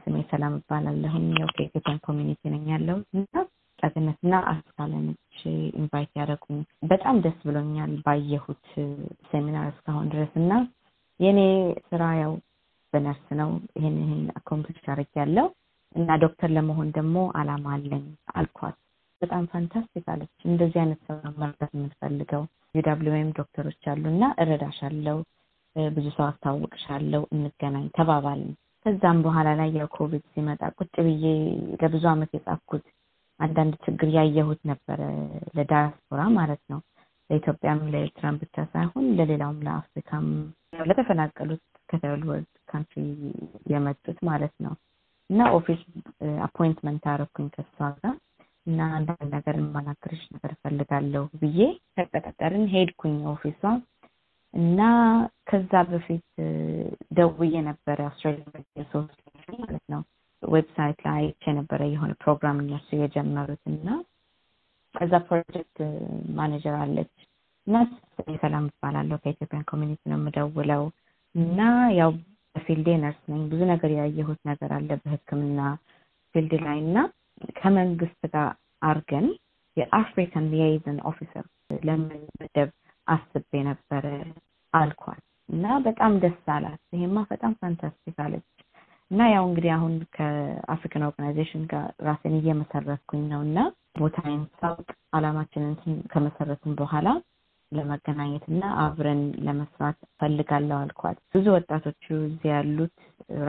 ስሜ ሰላም እባላለሁኝ ያው ከኢትዮጵያን ኮሚኒቲ ነኝ ያለው እና ጠቅነት ና አስካለነች ኢንቫይት ያደረጉኝ በጣም ደስ ብሎኛል ባየሁት ሴሚናር እስካሁን ድረስ እና የእኔ ስራ ያው በነርስ ነው ይህን ይህን አኮምፕሊሽ አድርግ ያለው እና ዶክተር ለመሆን ደግሞ አላማ አለኝ አልኳት። በጣም ፋንታስቲክ አለች። እንደዚህ አይነት ሰው መርዳት የምንፈልገው ዩዳብሊውኤም ዶክተሮች አሉ እና እረዳሻለው፣ ብዙ ሰው አስታውቅሻለው፣ እንገናኝ ተባባልን። ከዛም በኋላ ላይ የኮቪድ ኮቪድ ሲመጣ ቁጭ ብዬ ለብዙ ዓመት የጻፍኩት አንዳንድ ችግር ያየሁት ነበረ፣ ለዳያስፖራ ማለት ነው። ለኢትዮጵያም ለኤርትራም ብቻ ሳይሆን ለሌላውም ለአፍሪካም ለተፈናቀሉት ከደብልወርዝ ካንትሪ የመጡት ማለት ነው እና ኦፊስ አፖይንትመንት አረኩኝ ከሷ ጋር እና አንዳንድ ነገር ማናገርሽ ነገር ፈልጋለሁ ብዬ ተቀጣጠርን ሄድኩኝ ኦፊሷ እና ከዛ በፊት ደውዬ ነበረ አውስትራሊያ ሶስት ማለት ነው ዌብሳይት ላይ አይቼ የነበረ የሆነ ፕሮግራም እነሱ የጀመሩት እና ከዛ ፕሮጀክት ማኔጀር አለች እና ሰላም ይባላለሁ ከኢትዮጵያን ኮሚኒቲ ነው የምደውለው እና ያው በፊልዴ ነርስ ነኝ። ብዙ ነገር ያየሁት ነገር አለ በህክምና ፊልድ ላይ እና ከመንግስት ጋር አርገን የአፍሪካን ሊያይዘን ኦፊሰር ለመመደብ አስቤ ነበረ አልኳል እና በጣም ደስ አላት። ይሄማ በጣም ፋንታስቲክ አለች። እና ያው እንግዲህ አሁን ከአፍሪካን ኦርጋናይዜሽን ጋር ራሴን እየመሰረትኩኝ ነው እና ቦታ ሳውቅ አላማችንን ከመሰረትን በኋላ ለመገናኘት እና አብረን ለመስራት ፈልጋለሁ አልኳት። ብዙ ወጣቶቹ እዚህ ያሉት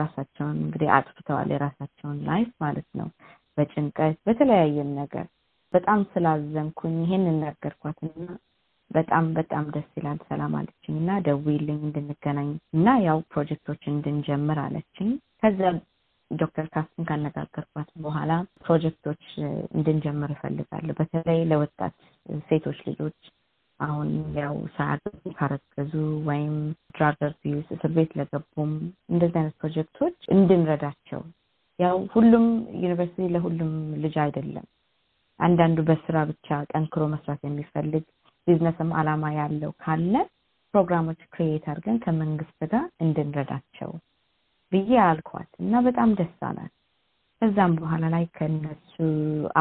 ራሳቸውን እንግዲህ አጥፍተዋል፣ የራሳቸውን ላይፍ ማለት ነው። በጭንቀት በተለያየም ነገር በጣም ስላዘንኩኝ ይሄን እናገርኳትና በጣም በጣም ደስ ይላል ሰላም አለችኝ እና ደውዪልኝ እንድንገናኝ እና ያው ፕሮጀክቶችን እንድንጀምር አለችኝ። ከዛ ዶክተር ካስን ካነጋገርኳት በኋላ ፕሮጀክቶች እንድንጀምር እፈልጋለሁ በተለይ ለወጣት ሴቶች ልጆች አሁን ያው ሳያገቡ ካረገዙ ወይም ድራግ አቢዩዝ እስር ቤት ለገቡም እንደዚህ አይነት ፕሮጀክቶች እንድንረዳቸው ያው ሁሉም ዩኒቨርሲቲ ለሁሉም ልጅ አይደለም። አንዳንዱ በስራ ብቻ ጠንክሮ መስራት የሚፈልግ ቢዝነስም አላማ ያለው ካለ ፕሮግራሞች ክሪኤት አድርገን ከመንግስት ጋር እንድንረዳቸው ብዬ አልኳት እና በጣም ደስ አላት። ከዛም በኋላ ላይ ከነሱ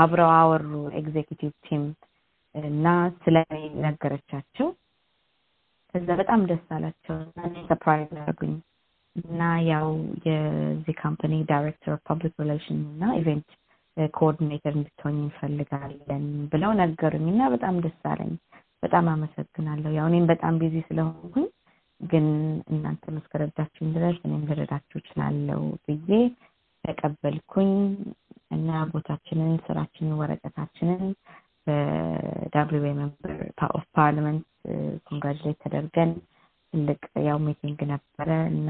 አብረው አወሩ ኤግዜኪቲቭ ቲም እና ስለ እኔ ነገረቻቸው ከዛ በጣም ደስ አላቸው እና ሰርፕራይዝ አደረጉኝ እና ያው የዚህ ካምፓኒ ዳይሬክተር ፐብሊክ ሪሌሽን እና ኢቨንት ኮኦርዲኔተር እንድትሆኝ እንፈልጋለን ብለው ነገሩኝ እና በጣም ደስ አለኝ። በጣም አመሰግናለሁ። ያው እኔም በጣም ቢዚ ስለሆንኩኝ ግን እናንተ መስከረዳችሁን ድረስ እኔም ልረዳችሁ እችላለሁ ብዬ ተቀበልኩኝ እና ቦታችንን፣ ስራችንን፣ ወረቀታችንን በዳብሊው ሜምበር ኦፍ ፓርላመንት ኮንግራጁሌት ተደርገን ትልቅ ያው ሚቲንግ ነበረ እና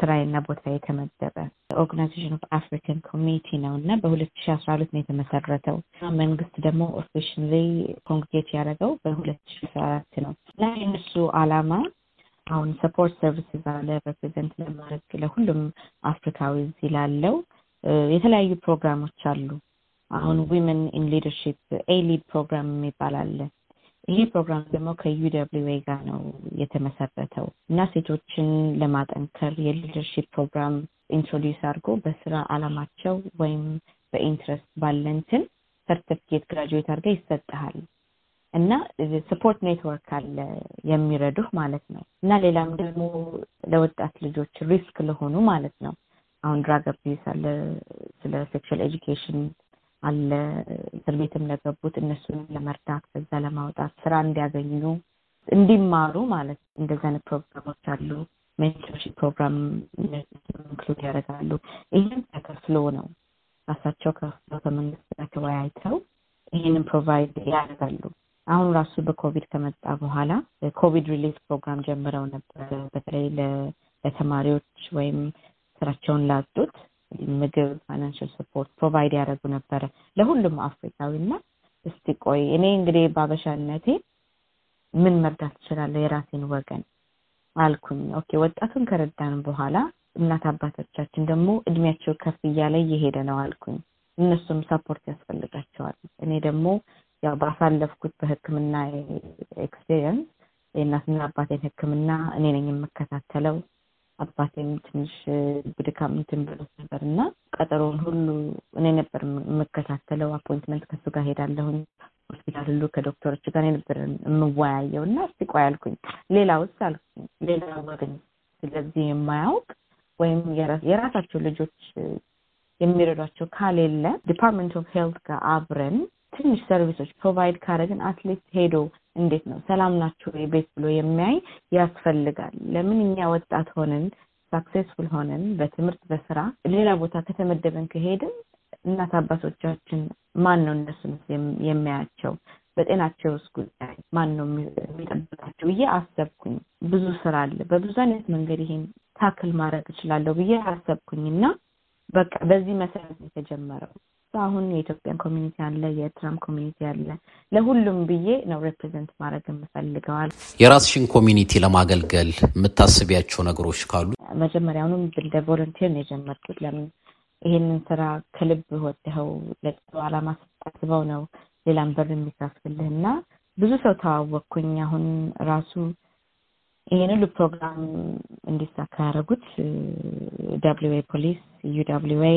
ስራዬና ቦታ የተመደበ ኦርጋናይዜሽን ኦፍ አፍሪካን ኮሚኒቲ ነው እና በሁለት ሺ አስራ ሁለት ነው የተመሰረተው። መንግስት ደግሞ ኦፊሻሊ ኮንግሬት ያደረገው በሁለት ሺ አስራ አራት ነው እና የነሱ አላማ አሁን ሰፖርት ሰርቪስስ አለ ሪፕሬዘንት ለማድረግ ለሁሉም አፍሪካዊ እዚህ ላለው uh, የተለያዩ ፕሮግራሞች አሉ አሁን ዊመን ኢን ሊደርሺፕ ኤሊድ ፕሮግራም ይባላል አለ። ይሄ ፕሮግራም ደግሞ ከዩደብሊው ጋር ነው የተመሰረተው እና ሴቶችን ለማጠንከር የሊደርሺፕ ፕሮግራም ኢንትሮዲስ አድርጎ በስራ አላማቸው ወይም በኢንትረስት ባለንትን ሰርቲፊኬት ግራጅዌት አድርገ ይሰጠሃል እና ስፖርት ኔትወርክ አለ የሚረዱህ ማለት ነው። እና ሌላም ደግሞ ለወጣት ልጆች ሪስክ ለሆኑ ማለት ነው አሁን ድራግ አቢዩስ አለ፣ ስለ ሴክል ኤዱኬሽን አለ እስር ቤትም ለገቡት እነሱንም ለመርዳት ከዛ ለማውጣት ስራ እንዲያገኙ እንዲማሩ ማለት እንደዚ አይነት ፕሮግራሞች አሉ። ሜንቶርሺፕ ፕሮግራም ኢንክሉድ ያደርጋሉ። ይህም ተከፍሎ ነው ራሳቸው ከፍሎ ከመንግስት ጋር ተወያይተው ይህንን ፕሮቫይድ ያደርጋሉ። አሁን ራሱ በኮቪድ ከመጣ በኋላ ኮቪድ ሪሊፍ ፕሮግራም ጀምረው ነበር። በተለይ ለተማሪዎች ወይም ስራቸውን ላጡት ምግብ ፋይናንሽል ሰፖርት ፕሮቫይድ ያደረጉ ነበረ ለሁሉም አፍሪካዊ እና እስቲ ቆይ እኔ እንግዲህ ባበሻነቴ ምን መርዳት ትችላለሁ የራሴን ወገን አልኩኝ። ኦኬ ወጣቱን ከረዳን በኋላ እናት አባቶቻችን ደግሞ እድሜያቸው ከፍ እያለ እየሄደ ነው አልኩኝ። እነሱም ሰፖርት ያስፈልጋቸዋል። እኔ ደግሞ ያው ባሳለፍኩት በህክምና ኤክስፔሪንስ የእናትና አባቴን ህክምና እኔ ነኝ የምከታተለው አባቴም ትንሽ ብድካም እንትን ብሎት ነበር እና ቀጠሮውን ሁሉ እኔ ነበር የምከታተለው። አፖይንትመንት ከሱ ጋር ሄዳለሁኝ። ሆስፒታል ሁሉ ከዶክተሮች ጋር ነበር የምወያየው እና እስቲ ቆይ አልኩኝ። ሌላ ውስጥ አልኩኝ ሌላ ወገን ስለዚህ የማያውቅ ወይም የራሳቸው ልጆች የሚረዷቸው ካሌለ ዲፓርትመንት ኦፍ ሄልት ጋር አብረን ትንሽ ሰርቪሶች ፕሮቫይድ ካረግን አትሊስት ሄዶ እንዴት ነው ሰላም ናቸው ቤት ብሎ የሚያይ ያስፈልጋል። ለምን እኛ ወጣት ሆነን ሳክሴስፉል ሆነን በትምህርት በስራ ሌላ ቦታ ከተመደበን ከሄድን እናት አባቶቻችን ማን ነው እነሱ የሚያያቸው? በጤናቸውስ ጉዳይ ማን ነው የሚጠብቃቸው ብዬ አሰብኩኝ። ብዙ ስራ አለ። በብዙ አይነት መንገድ ይሄን ታክል ማድረግ እችላለሁ ብዬ አሰብኩኝ እና በቃ በዚህ መሰረት የተጀመረው አሁን የኢትዮጵያን ኮሚኒቲ አለ፣ የኤርትራም ኮሚኒቲ አለ። ለሁሉም ብዬ ነው ሬፕሬዘንት ማድረግ የምፈልገዋል።
የራስሽን ኮሚኒቲ ለማገልገል የምታስቢያቸው ነገሮች ካሉ መጀመሪያውንም እንደ
ቮለንቲር ነው የጀመርኩት። ለምን ይሄንን ስራ ከልብ ወደኸው ለጥሩ አላማ ስታስበው ነው ሌላም በር የሚከፍትልህ እና ብዙ ሰው ተዋወቅኩኝ። አሁን ራሱ ይህን ሁሉ ፕሮግራም እንዲሳካ ያደረጉት ደብሊው ኤ ፖሊስ፣ ዩ ደብሊው ኤ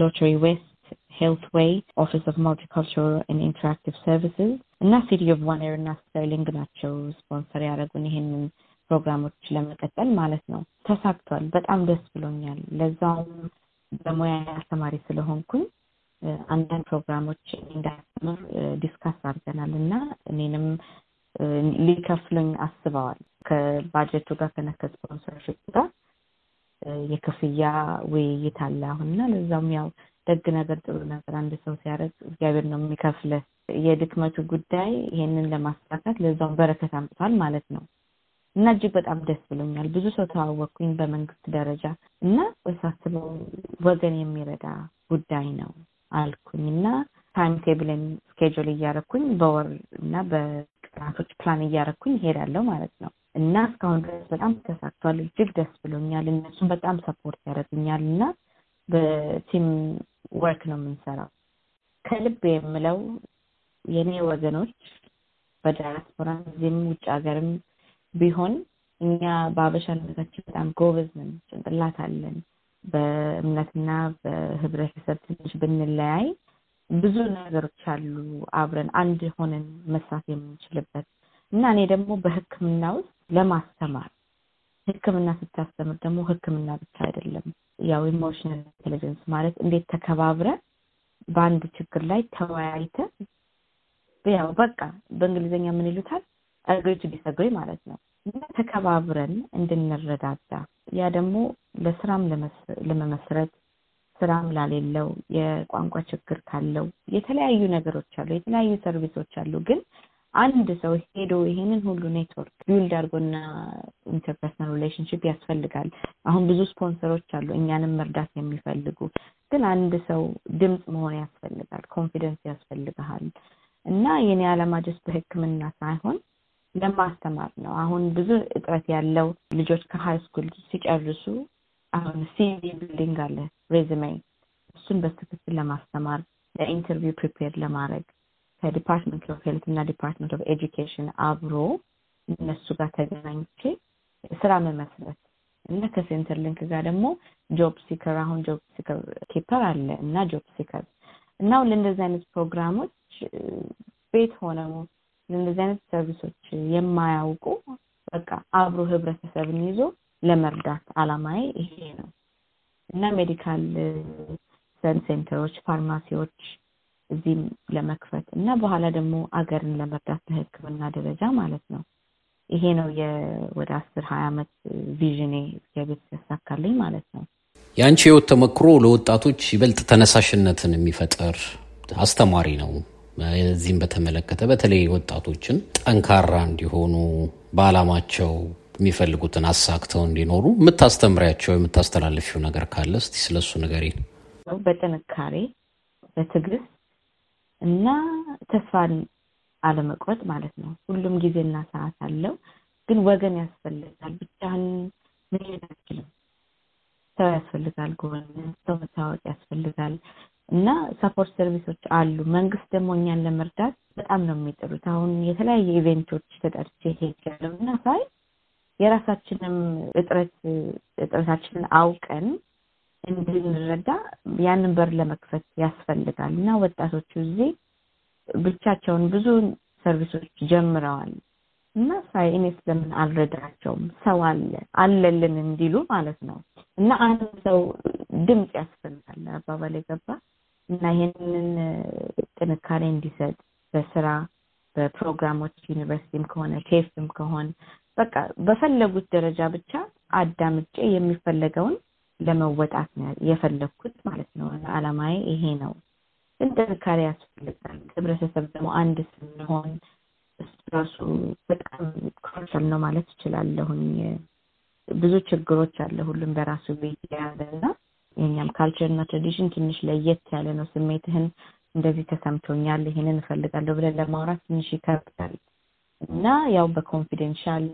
ሎተሪ ዌስት Healthway, Office of Multicultural and Interactive Services. እና ዋን የናስተው ሊንግ ናቸው ስፖንሰር ያደረጉን ይህንን ፕሮግራሞች ለመቀጠል ማለት ነው። ተሳክቷል። በጣም ደስ ብሎኛል። ለዛውም በሙያ አስተማሪ ስለሆንኩኝ አንዳንድ ፕሮግራሞች እንዳስተምር ዲስካስ አድርገናል እና እኔንም ሊከፍሉኝ አስበዋል ከባጀቱ ጋር ከነ ከስፖንሰርሽፕ ጋር የክፍያ ውይይት አለ አሁን እና ለዛም ያው ደግ ነገር፣ ጥሩ ነገር አንድ ሰው ሲያደርግ እግዚአብሔር ነው የሚከፍለ የድክመቱ ጉዳይ ይሄንን ለማሳካት ለዛውን በረከት አምጥቷል ማለት ነው እና እጅግ በጣም ደስ ብሎኛል። ብዙ ሰው ተዋወቅኩኝ በመንግስት ደረጃ እና ሳስበው ወገን የሚረዳ ጉዳይ ነው አልኩኝ እና ታይም ቴብልን ስኬጁል እያረኩኝ በወር እና በቀናቶች ፕላን እያረኩኝ ይሄዳለው ማለት ነው እና እስካሁን ድረስ በጣም ተሳክቷል። እጅግ ደስ ብሎኛል። እነሱም በጣም ሰፖርት ያደረግኛል እና በቲም ወርክ ነው የምንሰራው። ከልብ የምለው የኔ ወገኖች በዳያስፖራ እዚህም ውጭ ሀገርም ቢሆን እኛ በአበሻነታችን በጣም ጎበዝ ነን፣ ጭንቅላት አለን። በእምነትና በህብረተሰብ ትንሽ ብንለያይ ብዙ ነገሮች አሉ አብረን አንድ ሆነን መስራት የምንችልበት እና እኔ ደግሞ በሕክምና ውስጥ ለማስተማር ሕክምና ስታስተምር ደግሞ ሕክምና ብቻ አይደለም ያው ኢሞሽናል ኢንቴሊጀንስ ማለት እንዴት ተከባብረ በአንድ ችግር ላይ ተወያይተን ያው በቃ በእንግሊዝኛ ምን ይሉታል አግሪ ቱ ዲስአግሪ ማለት ነው። ተከባብረን እንድንረዳዳ ያ ደግሞ ለስራም ለመመስረት ስራም ላሌለው የቋንቋ ችግር ካለው የተለያዩ ነገሮች አሉ፣ የተለያዩ ሰርቪሶች አሉ። ግን አንድ ሰው ሄዶ ይሄንን ሁሉ ኔትወርክ ቢውልድ አድርጎና ኢንተርፐርሰናል ሪሌሽንሽፕ ያስፈልጋል። አሁን ብዙ ስፖንሰሮች አሉ እኛንም መርዳት የሚፈልጉ ግን አንድ ሰው ድምፅ መሆን ያስፈልጋል። ኮንፊደንስ ያስፈልግሃል። እና የኔ ዓላማ ጀስት በህክምና ሳይሆን ለማስተማር ነው። አሁን ብዙ እጥረት ያለው ልጆች ከሀይ ስኩል ሲጨርሱ አሁን ሲቪ ቢልዲንግ አለ ሬዝሜ፣ እሱን በትክክል ለማስተማር ለኢንተርቪው ፕሪፔር ለማድረግ ከዲፓርትመንት ኦፍ ሄልት እና ዲፓርትመንት ኦፍ ኤጁኬሽን አብሮ እነሱ ጋር ተገናኝቼ ስራ መመስረት እና ከሴንተር ሊንክ ጋር ደግሞ ጆብ ሲከር አሁን ጆብ ሲከር ኪፐር አለ እና ጆብ ሲከር እና ለእንደዚህ አይነት ፕሮግራሞች ቤት ሆነው ለእንደዚህ አይነት ሰርቪሶች የማያውቁ በቃ አብሮ ህብረተሰብን ይዞ ለመርዳት አላማዬ ይሄ ነው እና ሜዲካል ሴንተሮች፣ ፋርማሲዎች እዚህም ለመክፈት እና በኋላ ደግሞ አገርን ለመርዳት በህክምና ደረጃ ማለት ነው። ይሄ ነው የወደ አስር ሀያ ዓመት ቪዥኔ እግዚአብሔር ሲያሳካልኝ ማለት ነው።
የአንቺ ህይወት ተመክሮ ለወጣቶች ይበልጥ ተነሳሽነትን የሚፈጥር አስተማሪ ነው። እዚህም በተመለከተ በተለይ ወጣቶችን ጠንካራ እንዲሆኑ በአላማቸው የሚፈልጉትን አሳክተው እንዲኖሩ የምታስተምሪያቸው የምታስተላልፊው ነገር ካለ እስቲ ስለሱ ንገሪን።
በጥንካሬ በትዕግስት እና ተስፋን አለመቁረጥ ማለት ነው። ሁሉም ጊዜና ሰዓት አለው፣ ግን ወገን ያስፈልጋል። ብቻህን መሄድ አትችልም። ሰው ያስፈልጋል፣ ጎን ሰው መታወቅ ያስፈልጋል። እና ሰፖርት ሰርቪሶች አሉ። መንግስት ደግሞ እኛን ለመርዳት በጣም ነው የሚጥሩት። አሁን የተለያየ ኢቬንቶች ተጠርቼ ያለው እና ሳይ የራሳችንም እጥረት እጥረታችንን አውቀን እንድንረዳ ያንን በር ለመክፈት ያስፈልጋል እና ወጣቶቹ እዚህ ብቻቸውን ብዙ ሰርቪሶች ጀምረዋል እና ሳይ ለምን አልረዳቸውም ሰው አለ አለልን እንዲሉ ማለት ነው እና አንድ ሰው ድምፅ ያስፈልጋል አባባል የገባ እና ይህንን ጥንካሬ እንዲሰጥ በስራ በፕሮግራሞች ዩኒቨርሲቲም ከሆነ ኬፍም ከሆነ በቃ በፈለጉት ደረጃ ብቻ አዳምጬ የሚፈለገውን ለመወጣት ነው የፈለግኩት ማለት ነው። አላማዬ ይሄ ነው። ግን ጥንካሬ ያስፈልጋል። ህብረተሰብ ደግሞ አንድ ስንሆን ራሱ በጣም ክሩሻል ነው ማለት እችላለሁኝ። ብዙ ችግሮች አለ። ሁሉም በራሱ ቤት ያለና የኛም ካልቸርና ትራዲሽን ትንሽ ለየት ያለ ነው። ስሜትህን እንደዚህ ተሰምቶኛል፣ ይሄንን እፈልጋለሁ ብለን ለማውራት ትንሽ ይከብዳል እና ያው በኮንፊደንሻል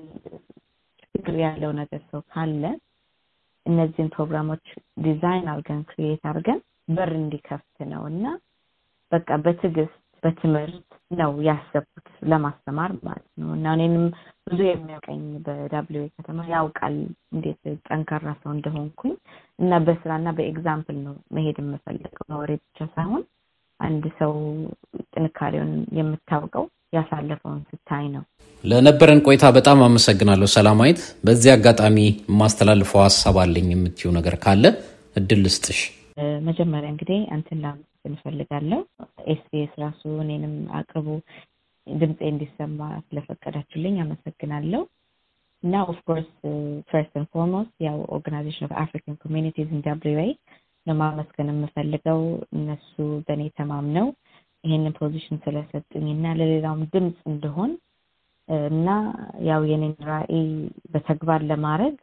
ችግር ያለው ነገር ሰው ካለ እነዚህን ፕሮግራሞች ዲዛይን አድርገን ክሪኤት አድርገን በር እንዲከፍት ነው እና በቃ በትዕግስት በትምህርት ነው ያሰቡት ለማስተማር ማለት ነው እና እኔንም ብዙ የሚያውቀኝ በዳብሊው ከተማ ያውቃል እንዴት ጠንካራ ሰው እንደሆንኩኝ እና በስራና በኤግዛምፕል ነው መሄድ የምፈልገው በወሬ ብቻ ሳይሆን አንድ ሰው ጥንካሬውን የምታውቀው ያሳለፈውን ስታይ ነው።
ለነበረን ቆይታ በጣም አመሰግናለሁ ሰላማዊት። በዚህ አጋጣሚ የማስተላልፈው ሀሳብ አለኝ የምትይው ነገር ካለ እድል ልስጥሽ።
መጀመሪያ እንግዲህ አንተን ላመስገን እንፈልጋለሁ። ኤስቢኤስ ራሱ እኔንም አቅርቦ ድምፄ እንዲሰማ ስለፈቀዳችሁልኝ አመሰግናለሁ። እና ኦፍኮርስ ፈርስት ን ፎርሞስት ያው ኦርጋናይዜሽን ኦፍ አፍሪካን ኮሚኒቲዝ ኢን ደብሊው ኤ ነው ማመስገን የምፈልገው። እነሱ በእኔ ተማምነው ይሄንን ፖዚሽን ስለሰጡኝ እና ለሌላውም ድምፅ እንደሆን እና ያው የኔን ራዕይ በተግባር ለማድረግ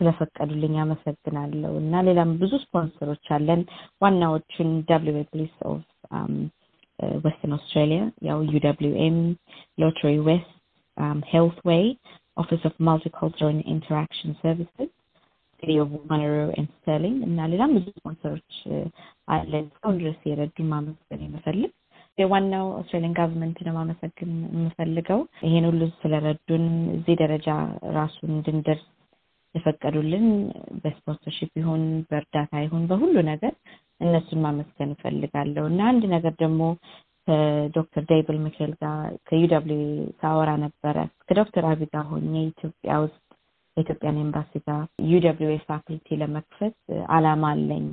ስለፈቀዱልኝ አመሰግናለሁ። እና ሌላም ብዙ ስፖንሰሮች አለን። ዋናዎቹን ደብሊው ፕሊስ ኦፍ ዌስተርን አውስትራሊያ ያው ዩ ደብሊው ኤም፣ ሎተሪ ዌስት፣ ሄልት ዌይ፣ ኦፊስ ኦፍ ማልቲካልቸራል ኢንተራክሽን ሰርቪስስ ሚኒስትሪ ኦፍ ማይሮ ኤንድ እና ሌላም ብዙ ስፖንሰሮች አለ። እስካሁን ድረስ የረዱን ማመስገን የምፈልግ የዋናው ኦስትሬሊያን ጋቨርንመንት ለማመሰግን የምፈልገው ይሄን ሁሉ ስለረዱን፣ እዚህ ደረጃ ራሱን እንድንደርስ የፈቀዱልን በስፖንሰርሺፕ ይሁን በእርዳታ ይሁን በሁሉ ነገር እነሱን ማመስገን እፈልጋለሁ እና አንድ ነገር ደግሞ ከዶክተር ደይብል ሚካኤል ጋር ከዩ ሳወራ ነበረ ከዶክተር አቢ ጋር ሆኜ ኢትዮጵያ ውስጥ ከኢትዮጵያን ኤምባሲ ጋር ዩደብሊውኤ ፋኩልቲ ለመክፈት አላማ አለኝ።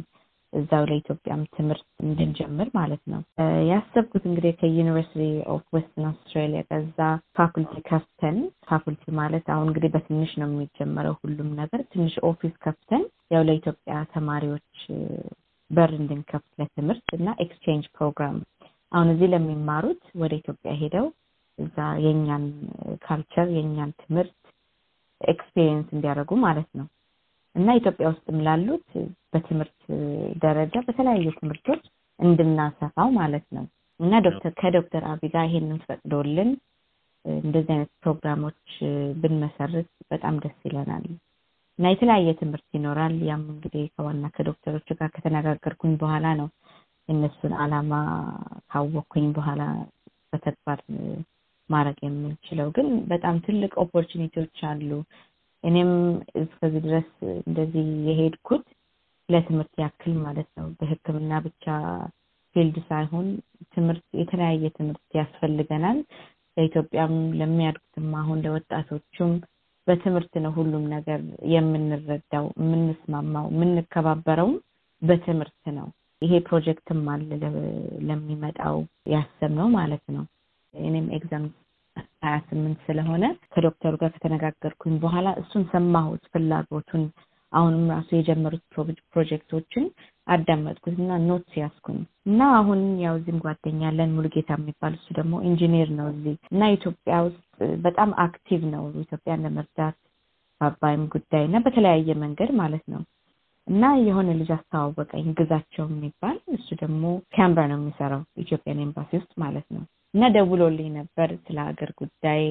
እዛው ለኢትዮጵያም ትምህርት እንድንጀምር ማለት ነው ያሰብኩት። እንግዲህ ከዩኒቨርሲቲ ኦፍ ዌስትን አውስትራሊያ ከዛ ፋኩልቲ ከፍተን ፋኩልቲ ማለት አሁን እንግዲህ በትንሽ ነው የሚጀመረው ሁሉም ነገር። ትንሽ ኦፊስ ከፍተን ያው ለኢትዮጵያ ተማሪዎች በር እንድንከፍት ለትምህርት እና ኤክስቼንጅ ፕሮግራም አሁን እዚህ ለሚማሩት ወደ ኢትዮጵያ ሄደው እዛ የእኛን ካልቸር የእኛን ትምህርት ኤክስፒሪየንስ እንዲያደርጉ ማለት ነው እና ኢትዮጵያ ውስጥም ላሉት በትምህርት ደረጃ በተለያዩ ትምህርቶች እንድናሰፋው ማለት ነው እና ዶክተር ከዶክተር አብይ ጋር ይሄንን ፈቅዶልን እንደዚህ አይነት ፕሮግራሞች ብንመሰርት በጣም ደስ ይለናል እና የተለያየ ትምህርት ይኖራል። ያም እንግዲህ ከዋና ከዶክተሮች ጋር ከተነጋገርኩኝ በኋላ ነው የእነሱን አላማ ካወቅኩኝ በኋላ በተግባር ማድረግ የምንችለው ግን በጣም ትልቅ ኦፖርቹኒቲዎች አሉ። እኔም እስከዚህ ድረስ እንደዚህ የሄድኩት ለትምህርት ያክል ማለት ነው። በህክምና ብቻ ፊልድ ሳይሆን ትምህርት የተለያየ ትምህርት ያስፈልገናል። ለኢትዮጵያም ለሚያድጉትም አሁን ለወጣቶቹም በትምህርት ነው ሁሉም ነገር የምንረዳው፣ የምንስማማው፣ የምንከባበረውም በትምህርት ነው። ይሄ ፕሮጀክትም አለ ለሚመጣው ያሰብነው ማለት ነው። እኔም ኤግዛም ሀያ ስምንት ስለሆነ ከዶክተሩ ጋር ከተነጋገርኩኝ በኋላ እሱን ሰማሁት ፍላጎቱን አሁንም ራሱ የጀመሩት ፕሮጀክቶችን አዳመጥኩት እና ኖት ሲያስኩኝ እና አሁን ያው እዚህም ጓደኛ ያለን ሙሉጌታ የሚባል እሱ ደግሞ ኢንጂኒር ነው እዚህ እና ኢትዮጵያ ውስጥ በጣም አክቲቭ ነው ኢትዮጵያን ለመርዳት በአባይም ጉዳይ እና በተለያየ መንገድ ማለት ነው እና የሆነ ልጅ አስተዋወቀኝ ግዛቸው የሚባል እሱ ደግሞ ካምብራ ነው የሚሰራው ኢትዮጵያን ኤምባሲ ውስጥ ማለት ነው እና ደውሎልኝ ነበር ስለ ሀገር ጉዳይ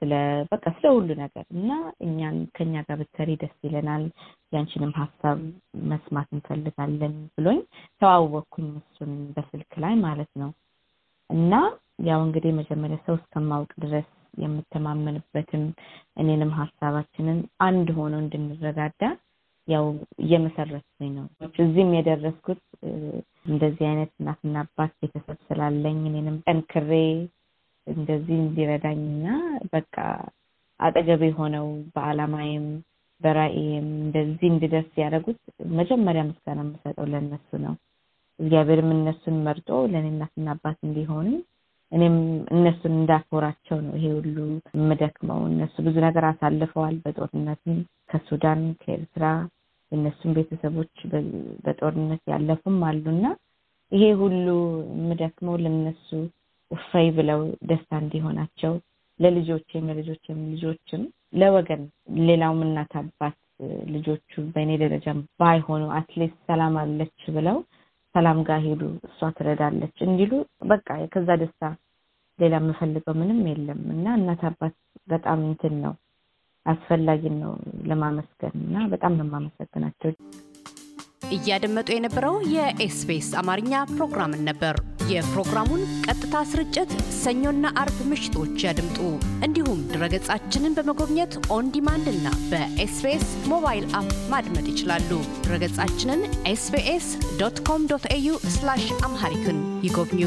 ስለ በቃ ስለ ሁሉ ነገር እና እኛን ከኛ ጋር ብትሰሪ ደስ ይለናል፣ ያንችንም ሀሳብ መስማት እንፈልጋለን ብሎኝ ተዋወቅኩኝ፣ እሱን በስልክ ላይ ማለት ነው። እና ያው እንግዲህ መጀመሪያ ሰው እስከማውቅ ድረስ የምተማመንበትም እኔንም ሀሳባችንን አንድ ሆነው እንድንረዳዳ ያው እየመሰረትኩኝ ነው። እዚህም የደረስኩት እንደዚህ አይነት እናትና አባት ቤተሰብ ስላለኝ እኔንም ጠንክሬ እንደዚህ እንዲረዳኝና በቃ አጠገቤ ሆነው በአላማዬም በራእይም እንደዚህ እንድደርስ ያደረጉት መጀመሪያ ምስጋና የምሰጠው ለእነሱ ነው። እግዚአብሔርም እነሱን መርጦ ለእኔ እናትና አባት እንዲሆኑ እኔም እነሱን እንዳኮራቸው ነው ይሄ ሁሉ የምደክመው። እነሱ ብዙ ነገር አሳልፈዋል። በጦርነትም ከሱዳን ከኤርትራ የእነሱም ቤተሰቦች በጦርነት ያለፉም አሉና ይሄ ሁሉ የምደክመው ለነሱ እፈይ ብለው ደስታ እንዲሆናቸው ለልጆቼም ለልጆቼም ልጆችም ለወገን ሌላውም እናት አባት ልጆቹ በእኔ ደረጃ ባይሆኑ አትሊስት ሰላም አለች ብለው ሰላም ጋር ሄዱ፣ እሷ ትረዳለች እንዲሉ በቃ ከዛ ደስታ ሌላ የምፈልገው ምንም የለም እና እናት አባት በጣም እንትን ነው አስፈላጊ ነው ለማመስገን እና በጣም ነው የማመሰግናቸው።
እያደመጡ የነበረው የኤስቢኤስ አማርኛ ፕሮግራምን ነበር። የፕሮግራሙን ቀጥታ ስርጭት ሰኞና አርብ ምሽቶች ያድምጡ። እንዲሁም ድረገጻችንን በመጎብኘት ኦንዲማንድ እና በኤስቢኤስ ሞባይል አፕ ማድመጥ ይችላሉ። ድረገጻችንን ኤስቢኤስ ዶት ኮም ዶት ኤዩ አምሃሪክን ይጎብኙ።